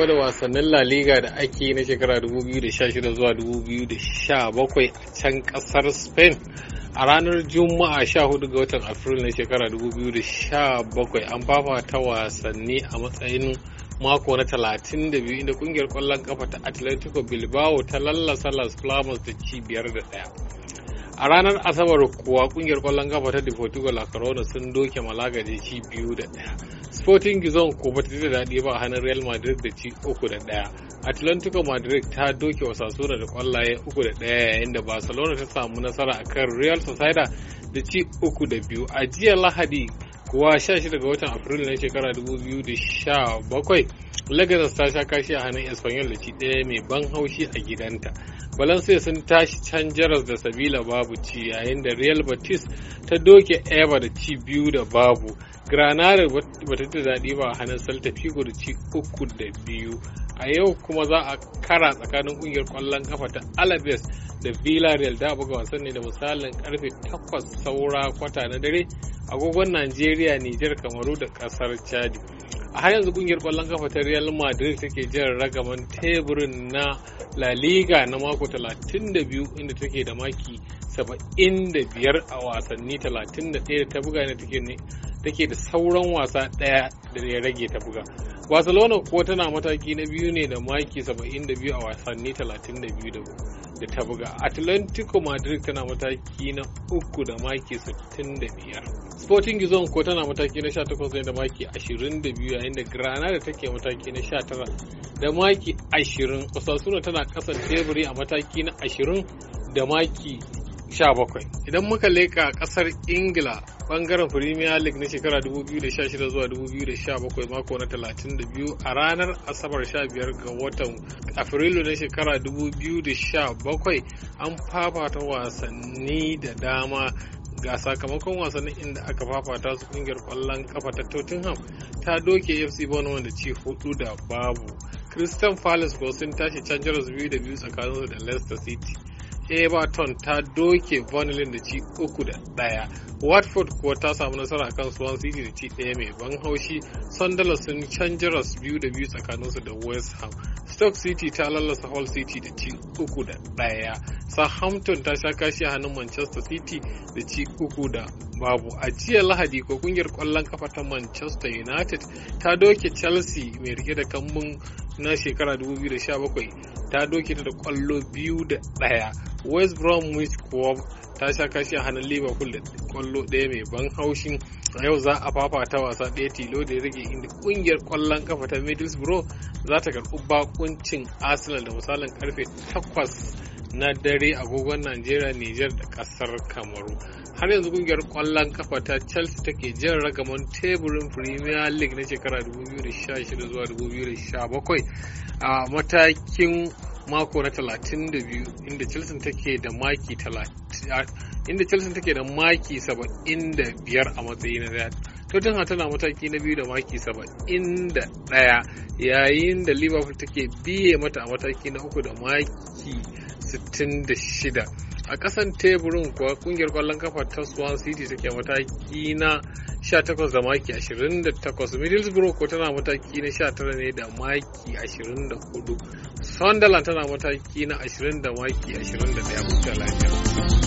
game da wasannin La Liga da ake na shekara 2016 zuwa 2017 a can kasar Spain a ranar Juma'a 14 ga watan Afrilu na shekara 2017 an ta wasanni a matsayin mako na 32 inda kungiyar kwallon kafa ta Atletico Bilbao ta lallasa Las Palmas da cibiyar da daya. a ranar asabar kuwa kungiyar kwallon kafa ta portugal a corona sun doke malaga da ci biyu da daya sporting gizon ko ba ta daɗi ba a hannun real madrid da ci uku da daya atlantico madrid ta doke osasuna da kwallaye uku da daya yayin da barcelona ta samu nasara a kan real sociedad da ci uku da biyu a jiya lahadi kuwa 16 ga watan afrilu na shekara 2017 Lagos ta sha kashi a hannun Espanyol da ci ɗaya mai ban haushi a gidanta. Valencia sun tashi can jaras da Sabila babu ci yayin da Real Betis ta doke Eva da ci biyu da babu. Granada ba ta daɗi ba a hannun Celta Figo da ci uku da biyu. A yau kuma za a kara tsakanin ƙungiyar ƙwallon kafa ta Alaves da Villarreal da buga wasan ne da misalin karfe takwas saura kwata na dare agogon Najeriya, Nijar, Kamaru da ƙasar Chad. a har yanzu kungiyar kwallon kafa ta real madrid take jiran ragaman teburin na la liga na mako 32 inda take da maki 75 a wasanni 31 da ta buga ne take da sauran wasa daya da ya rage ta buga barcelona ko tana mataki na biyu ne da maki 72 a wasanni 32 da ta buga atlantico madrid tana mataki na uku da maki 65 sporting gizon ko tana mataki na 18 ne da maki 22 yayin da granada take mataki na 19 da maki 20 osasuna tana kasan teburi a mataki na 20 da maki 17 idan muka leka kasar ingila bangaren premier league na shekara 2016 zuwa 2017 mako na 32 a ranar asabar 15 ga watan afrilu na shekara 2017 an fafata wasanni da dama ga sakamakon wasannin inda aka fafata su kungiyar kwallon kafa ta tottenham ta doke fc bono da ci hudu da babu christian palace ko sun tashi canjar biyu da biyu tsakaninsu da leicester city everton ta doke Burnley da ci uku da daya watford kuwa ta samu nasara kan swansea da ci daya mai ban haushi sandala sun canji ras biyu da biyu tsakaninsu da west ham stoke city ta lallasa hull city da ci uku da daya southampton ta sha kashi a hannun manchester city da ci uku da babu a jiya lahadi ko kungiyar kwallon kafa ta manchester united ta doke chelsea mai rike da kambun na shekara 2017 ta doke ta da kwallo biyu da ɗaya west bromwich kuwa ta sha kashi a hannun liverpool da kwallo ɗaya mai ban haushin a yau za a fafata wasa ɗaya tilo da ya rage inda ƙungiyar kwallon kafa ta middlesbrough za ta karɓi bakuncin arsenal da misalin karfe 8 na dare agogon Najeriya, Nijar da kasar Kamaru. Har yanzu kungiyar kwallon kafa ta Chelsea take jin ragaman teburin Premier League na shekara 2016 zuwa 2017 a matakin mako na 32 inda Chelsea take da maki 30 inda Chelsea take da maki 75 a matsayi na Tottenham tana mataki na biyu da maki 71 yayin da Liverpool take biye mata a mataki na uku da maki 66 a kasan teburin kuwa kungiyar kwallon kafa ta swan city take mataki na 18 da maki 28 middlesbrough ko tana mataki na 19 ne da maki 24 sunderland tana mataki na 20 da maki 21 lafiya